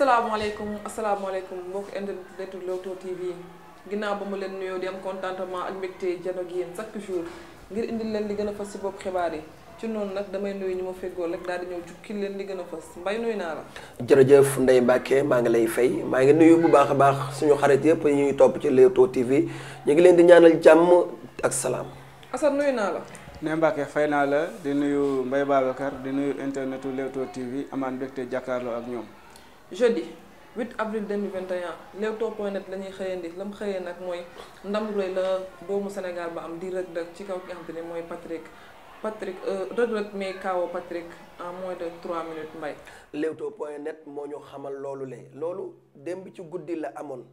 asalaamaaleykum asalaamaaleykum mbokk internet Leewtoo TV ginnaaw ba mu leen nuyoo di am contentement ak mbégte jano gi yéen chaque jour ngir indi leen di gën a fas si book xibaar yi ci noonu nag damay nuyu ñu ma feggool rek daal di ñëw jukki leen di gën a fas mbay nuyu naa la. jërëjëf Ndeye Mbacke maa ngi lay fay maa ngi nuyu bu baax a baax suñu xarit yëpp yi ñuy topp ci Leewtoo TV ñu ngi leen di ñaanal jàmm ak salaam. Assane nuyu naa la. ne Mbacke fay naa la di nuyu Mbaye Babacar di nuyu internetu Leewtoo TV amaan mbégte jàkkaarloo ak ñoom jeudi 8 avril 2021 Leewtoo point net la ñuy xëyandi la mu xëyee nag mooy ndam lu rëy la doomu Sénégal ba am di Reug Reug ci kaw ki xam te mooy Patrick Patrick euh, Reug Reug mais kawo Patrick en moins de 3 minutes mbay. Leewtoo point net moo ñu xamal loolu le loolu démb ci guddi la amoon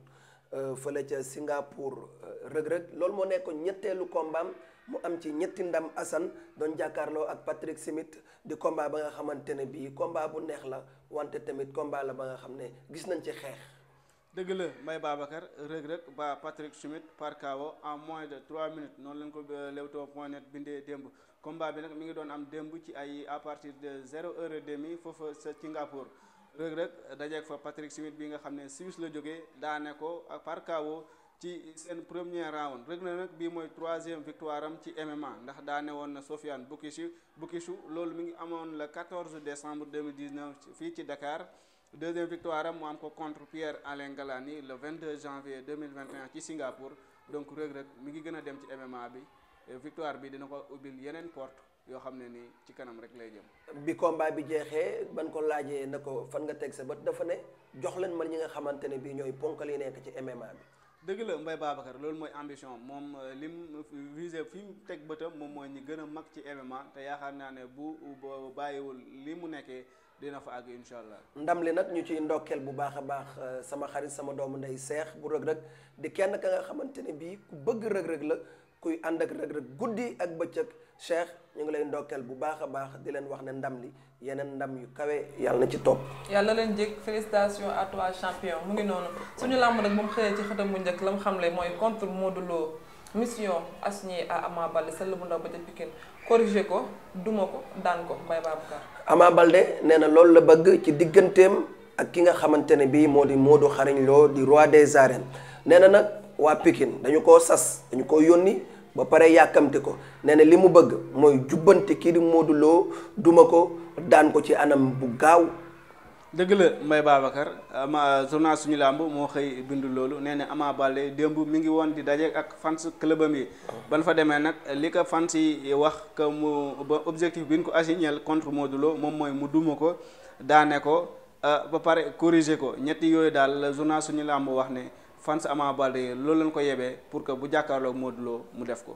euh, fële ca Singapour euh, Reug Reug loolu moo nekkoon ñetteelu kombaam mu am ci ñetti ndam Assane doon jàkkaarloo ak Patrick Simit di combat ba nga xamante ne bii combat bu neex la. wante tamit combat la ba nga xam ne gis nañ ci xeex. dëgg la Mbaye Babacar rëg-rëg ba Patrick Schmidt par KO en moins de 3 minutes noonu lañ ko euh, Leewtoo point net bindee démb combat bi nag mi ngi doon am démb ci ay à partir de zéro heure et mi foofu sa Singapour rëg-rëg dajeeg fa Patrick Schmidt bi nga xam ne Suisse la jóge daane ko par KO. ci seen premier round Reug Reug bii mooy troisième victoire am ci MMA ndax daane woon na Sofiane Boukichou Boukichou loolu mi ngi amoon le 14 décembre 2019 fii ci Dakar deuxième victoire am mu am ko contre Pierre Alain Galani le 22 janvier 2021 ci Singapour donc Reug Reug mi ngi gën a dem ci MMA bi victoire bi dina ko ubbil yeneen porte yoo xam ne ni ci kanam rek lay jëm. bi combat bi jeexee ban ko laajee na ko fan nga teg sa bët dafa ne jox leen man ñi nga xamante ne bii ñooy ponkal nekk ci MMA bi. dëgg la Mbaye Babacar loolu mooy ambition moom euh, lim euh, visé fi mu teg bëtam moom mooy ñi gën a mag ci MMA te yaakaar naa ne bu bàyyiwul li mu nekkee dina fa àgg incha allah. ndam li nag ñu ci ndokkeel bu baax a baax euh, sama xarit sama doomu ndey seex bu rëg-rëg di kenn ka nga xamante bii ku bëgg rëg-rëg la. kuy ànd ak Reug Reug guddi ak bëccëg Cheikh ñu ngi lay ndokkeel bu baax a baax di leen wax ne ndam li yeneen ndam yu kawe yàlla na ci topp yàlla leen jég félicitations à toi champion mu ngi noonu suñu làmb nag moom xëyee ci xëtam bu njëkk la mu xam xamle mooy contre du loo mission assignée a amaa Baldé sell bu ndaw ba ca Pikine corrigé ko duma ko daan ko Mbaye Babacar Ama Baldé nee na loolu la bëgg ci digganteem ak ki nga xamante ne bii moo di Modou xarañ Lo di roi des arènes waa pikin dañu ko sas dañu ko yónni ba pare yàkkamte ko nee na li mu bëgg mooy jubbante kii di Modou Lo duma ko daan ko ci anam bu gaaw dëgg la Mbaye Babacar ama journal suñu làmb moo xëy bindu loolu nee na Ama Baldé démb mi ngi woon di daje ak fans clubam yi ban fa demee nag li ko fans yi wax que mu ba objectif bi ñu ko assigné contre Modou Lo moom mooy mu duma ko daane ko euh, ba pare corriger ko ñetti yooyu daal journal suñu làmb wax ne fans Ama Baldé loolu lañ ko yebee pour que bu jàkkaarloog Modou Lo mu def ko.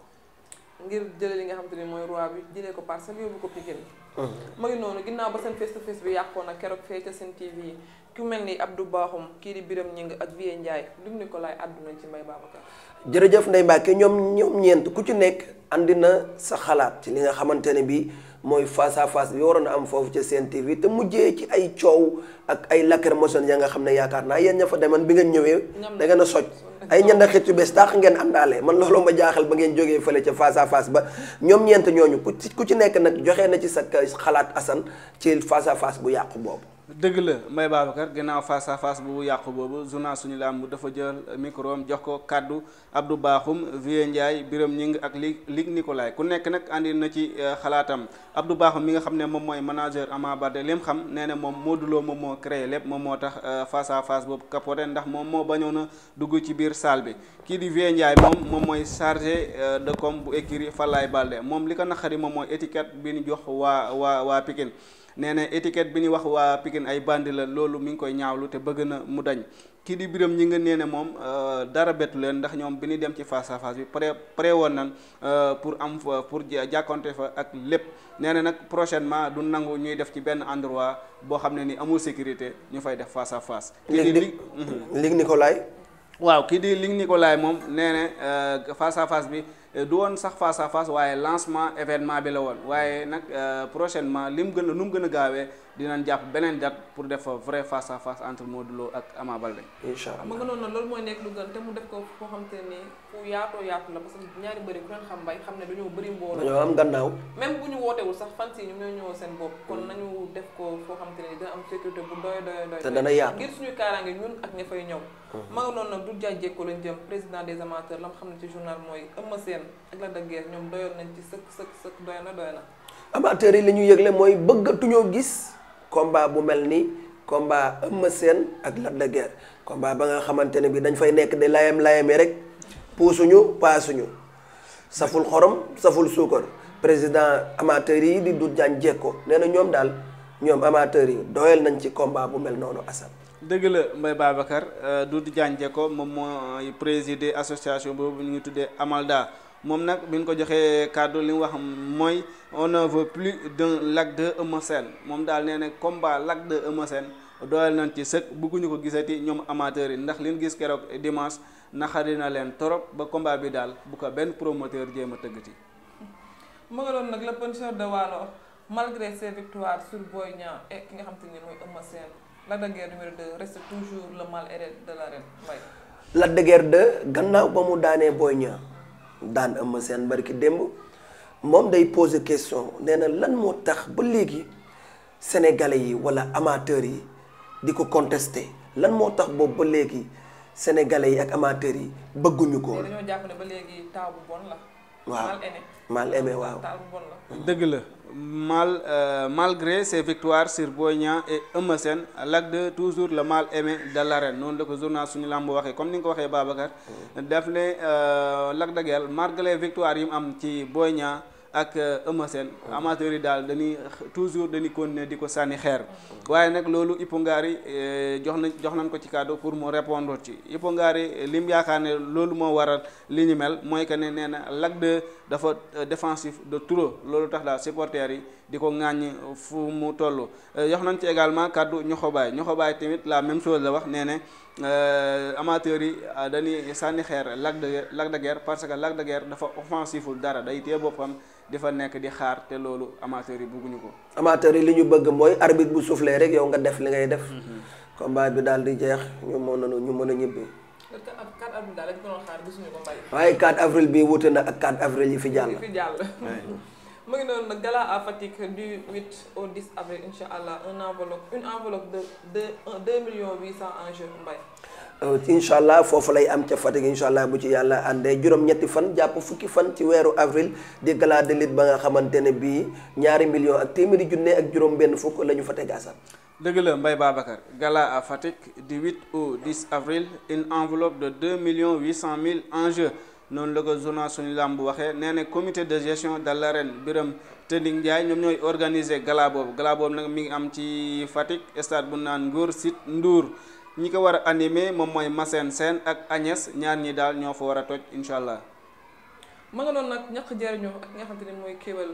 ngir jëlee li nga xam te ne mooy roi bi jëlee ko Parcelles yóbbu ko Pikine. Mm-hmm. ma ngi noonu ginnaaw ba seen face to face bi yàqoon na keroog fee ca seen TV ku mel ni Abdou Bakhoum kii di Birame Ngingue ak Vieux Ndiaye dum ni ko laay àdduna ci Mbaye Babacar. jërëjëf Ndeye Mbacke ñoom ñoom ñeent ku ci nekk andi na sa xalaat ci li nga xamante ne bii. mooy face à face bi waroon a am foofu ca Sen TV te mujjee ci ay coow ak ay lacrymogène ya nga xam ne yaakaar naa yéen ña fa demoon bi ngeen ñëwee da ngeen a soj ay ñanda xit yu bees tax ngeen àndaale man loolu ma jaaxal ba ngeen jógee fale ca face à ba ñoom ñeent ñooñu ku ci ku ci nekk nag joxe na ci sa xalaat Assane ci face à bu yàqu boobu dëgg la Mbaye Babacar ginnaaw face à face bu yàqu boobu journal suñu làmb dafa jël micro am jox ko kàddu Abdou baaxum Vieux Ndiaye Birame Ñing ak Lig Lig Nicolas ku nekk nag andi na ci euh, xalaatam Abdou Bakhoum mi nga xam ne moom mooy manager Ama Baldé lim xam nee na moom Modou Lo moom moo créé lépp moom moo tax euh, face à face boobu capote ndax moom moo bañoon a dugg ci biir salle bi kii di Vieux Ndiaye moom moom mooy chargé euh, de com bu écurie Falaye ba moom li ko naqari moom mooy étiquette bi ñu jox waa waa waa Pikine nee na étiquette bi ñu wax waa Pikine ay bandi la loolu mi ngi koy ñaawlu te bëgg na mu dañ kii di biram ñi nga nee ne moom euh, dara bettu leen ndax ñoom bi ñu dem ci face à face bi pare pré woon nan euh, pour am fa pour jàkkonte fa ak lépp nee na nag prochainement du nangu ñuy def ci benn endroit boo xam ne ni amul sécurité ñu fay def face à face. léegi léegi Nicolay waaw kii di Ligue Nicolay moom nee na euh, face à face bi. Euh, du woon sax face à waaye lancement événement bi la woon waaye nag euh, prochainement li mu gën a nu mu gën a gaawee dinañ jàpp beneen date pour def vrai face à face entre Modou Lo ak Ama Baldé. incha allah mu def ko foo xam te ne fu yaatoo yaatu la parce que ñaari bëri ku leen xam mbay xam ne dañoo bëri mbooloo. dañoo am gannaaw. même bu ñu wootewul sax fan si ñu ñoo ñëw seen bopp. kon mm. nañu def ko foo xam te ne dina am sécurité bu doy doy doy. te dana yaatu ngir suñu kaaraange ñun ak ña fay ñëw. ma mm-hmm. nga noonu nag du jaajëkko lañ jëm mooy Sène ak Lac de Guiers ñoom doyoon nañ ci sëkk sëkk yi li ñu yëgle mooy bëggatu ñoo gis combat bu mel ni combat Eumeu Sène ak Lac de Guiers ba nga xamante ne bi dañ fay nekk di layam layame rek puusuñu paasuñu saful xorom saful suukar président amateurs yi di Doudou Diagne Diecko nee na ñoom daal ñoom amateurs yi doyal nañ ci combat bu mel noonu Assane. dëgg la Mbaye Babacar euh, Doudou Diagne Diecko moom mooy présider association boobu ñu ngi tuddee Amalda. moom nag bi ñu ko joxee kàddu li mu wax mooy on ne veut plus de Eumeu Sène moom daal nee na combat Lac de Eumeu Sène dooleel ci sëkk bëgguñu ko gisati ñoom amateurs yi ndax li nu gis keroog dimanche naxari na leen torop ba combat bi daal bu ko benn promoteur jéem a tëggati. ma nga doon nag le puncheur de Waalo malgré ses victoires sur Boy Niang et ki nga xam te ne mooy Eumeu Sène Lac de Guiers numéro 2 reste toujours le mal hérité de l'arène Lac de mu daanee Boy Niang daan Eumeu Sène barki démb moom day poser question nee na lan moo tax ba léegi sénégalais yi wala amateurs yi di ko contester lan moo tax boobu ba léegi sénégalais yi ak amateurs yi bëgguñu ko. dañoo jàpp ne ba léegi waaw mal aimé mal aimé waaw. dëgg la. mal, euh, malgré ses victoires sur Boy Niang et Eumeu Sène Lac 2 toujours le mal aimé de noonu la ko journal suñu la làmb waxee comme ni nga ko waxee Babacar mm. daf ne euh, Lac de Guiers malgré les victoires yi mu am ci booy Niang ak euh, Eumeu Sène amateurs yi daal dañuy toujours dañuy continuer di ko sànni xeer waaye nag loolu Ipo Ngari euh, jox nañ jox nañ ko ci kàddu pour mu répondre ci Ipo ngaari euh, lim yaakaar ne loolu moo waral li ñu mel mooy que ne nee na Lac 2 dafa défensif de trop loolu tax daal supporters yi di ko ŋàññ fu mu toll euh, yox nañ ci également kaddu ñoxobaay ñoxobaay tamit la même chose la wax nee ne euh, amateurs yi euh, dañuy sànni xeer Lac de Lac de parce que Lac de Guiers dafa offensiful dara day téye boppam di fa nekk di xaar te loolu amateurs yi bëgguñu ko amateurs yi li ñu bëgg mooy arbitre bu soufflé rek yow nga def li ngay def mm-hmm. combat bi daal di jeex ñu mën a ñu mën a ñibbi waaye 4 avril bi wute na ak 4 avril yi fi jàll mu ngi noonu nag gala à Fatick du 8 au dis avril incha allah un enveloppe une enveloppe de de 2 millions cent en jeu mbay. Euh, incha allah foofu lay am ca Fatick incha allah bu ci yàlla àndee juróom-ñetti fan jàpp fukki fan ci weeru avril di gala de lutte ba nga xamante ne bii ñaari millions ak téeméeri junne ak juróom-benn fukk la ñu fa teg asal. dëgg la Mbaye Babacar gala à Fatick du 8 au 10 avril une enveloppe de 2 millions 800 mille en jeu. noonu la ko journal suñu làmb waxee nee na comité de gestion de l'arène Biram Tending Ndiaye ñoom ñooy organiser gala boobu gala mi ngi am ci Fatick stade bu naan Ngor site Ndour ñi ko war a animé moom mooy Massène Sène ak Agnès ñaar ñi daal ñoo fa war a toj incha allah. ma nga nag ñàkk jariñoo ak nga xamante ne mooy kéwél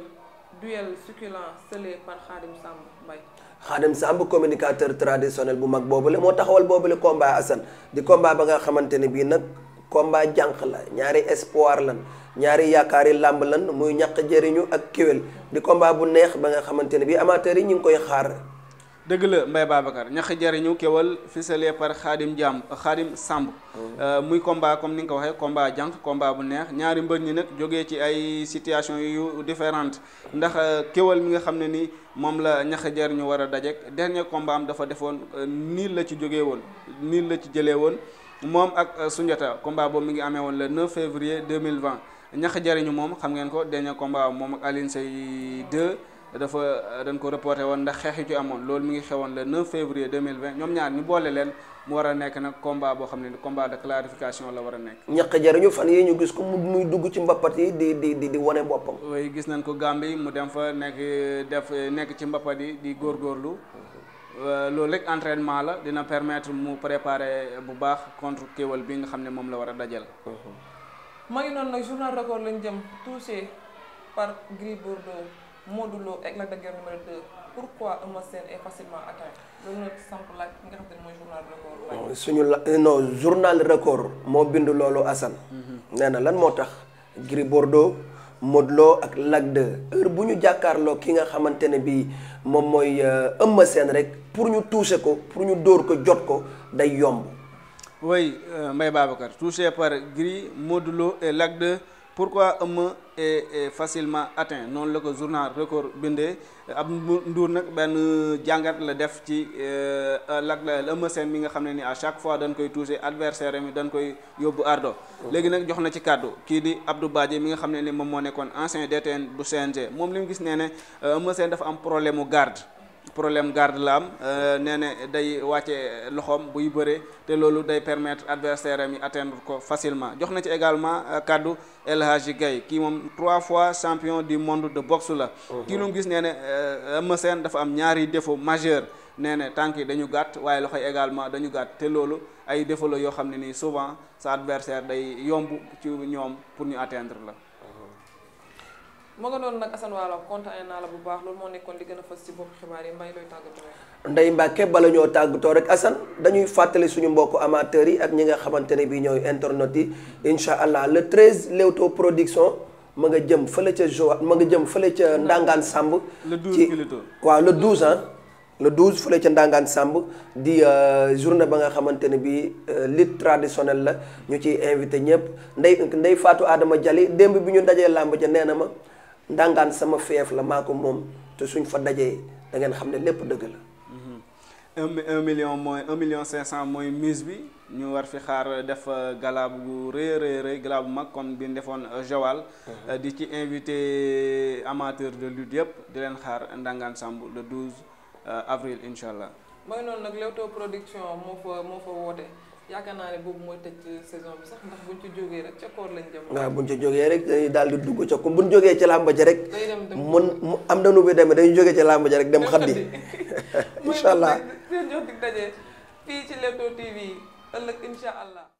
duel succulent scellé par Khadim Samb Mbaye. Khadim Samb communicateur traditionnel bu mag boobu la moo taxawal boobule combat Assane di combat ba nga xamante ne bii nag. combat jànq la ñaari espoir lan ñaari yaakaari làmb lan muy ñàq jëriñu ak kéwél di combat bu neex ba nga xamante ne bii amateurs yi ñu ngi koy xaar. dëgg la Mbaye Babacar ñax jariñu kéwél ficelé par Khadim jàmb euh, Khadim Samb oh. euh, muy combat comme ni nga ko waxee combat jànq combat bu neex ñaari mbër ñi nag jógee ci ay situation yu différentes ndax euh, kéwél mi nga xam ne ni moom la ñax jariñu war a dajeek dernier combat am dafa defoon niil la ci jógee woon niil la ci jëlee woon moom ak euh, Sunjata combat boobu mi ngi amee woon le 9 février 2020 ñax jariñu moom xam ngeen ko dernier combat moom ak Alioune Seye 2 dafa euh, dañ ko reporté woon ndax xeex yu ci amoon loolu mi ngi xewoon le 9 février 2020 ñoom ñaar ñu boole leen mu war a nekk nag combat boo xam ne combat de clarification la war a nekk. ñax jariñu fan yii ñu gis ko mu muy dugg ci mbappat yi di di di di wane boppam. oui gis nañ ko Gambie mu dem fa nekk def nekk ci mbappat yi di góor góorlu Euh, loolu rek entraînement la dina permettre mu préparer bu baax contre kéwal bi nga xam ne moom la war a dajal. Mhm. maa ngi noonu nag journal record lañ jëm touché par Gris Bordeaux Modou Lo ak Lac de Guiers numéro 2 pourquoi Eumeu Sène est facilement atteint loolu nag samp laaj nga xam ne mooy journal suñu la euh, non journal record moo bind loolu Assane. Mhm. nee lan moo tax Gris Bordeaux. Modou ak Lac 2 heure bu ñu jàkkaarloo ki nga xamante ne bii moom mooy euh, Eumeu Sène rek pour ñu toucher ko pour ñu dóor ko jot ko day yomb. oui euh, Mbaye Babacar touché par Gris Modou Lo et Lac 2. pourquoi ëmm est facilement atteint noonu la ko journal record bindee ab nduur nag benn jàngat la def ci lak euh, Eumeu Sène mi nga xam ne ni à chaque fois dañ koy touché adversaire mi dañ koy yóbbu ardo léegi nag jox na ci kàddu kii di Abdou Badji mi nga xam ne ni moom moo nekkoon ancien DTN bu CNG moom li mu gis nee ne Eumeu Sène dafa am problème mu garde problème garde la am euh, nee na day wàcce loxoom buy bëree te loolu day permettre adversaire am yi atteindre ko facilement jox na ci également euh, kàddu El Hadji kii moom trois fois champion du monde de boxe la uh-huh. kii lu mu gis nee na euh, Eumeu Sène dafa am ñaari défaut majeur nee na tànk yi dañu gàtt waaye loxo yi également dañu gàtt te loolu ay défaut la yoo xam ne nii souvent sa adversaire day yomb ci ñoom pour ñu atteindre la ma nga noonu nag Assane Wala kontaan naa la bu baax loolu moo nekkoon li gën a fës ci bopp xibaar yi mbay looy tàggatoo. Ndeye Mbacke bala ñoo tàggatoo rek Assane dañuy fàttali suñu mbokku amateurs yi ak ñi nga xamante ne bii ñooy internet yi incha allah le 13 Leewtoo production ma nga jëm fële ca Joal ma nga jëm fële ca Ndangaan Samb. le 12 ci waaw le 12 ah. le douze fële ca Ndangaan Samb di euh, journée ba nga xamante ne bii euh, lutte traditionnelle la ñu ciy invité ñëpp nday ndey faatu Adama Jali démb bi ñu dajee làmb ja nee na ma. ndàngaan sama feef la maa ko moom te suñ fa dajee da ngeen xam ne lépp dëgg la. un million mooy un million cinq cent mooy mise bi ñu war fi xaar def euh, gala bu rëy rëy rëy gala bu mag comme bi ñu defoon euh, Joal. Mhm. Euh, di ci invité amateur de lutte yëpp di leen xaar Ndangane Samb le 12 avril incha allah. mooy noonu nag Leewtoo production moo fa moo fa woote. yaakaar naa ne boobu mooy tëj saison bi sax ndax buñ ci jógee rek ca koor lañ jëm. bu buñ ci jógee rek dañuy daal di dugg ca ko buñ jógee ci làmba ja rek. day dem dem mun mu am na nu dem demee dañuy jógee ci làmba rek dem xaddi. incha allah mooy seen jox dig daje incha allah.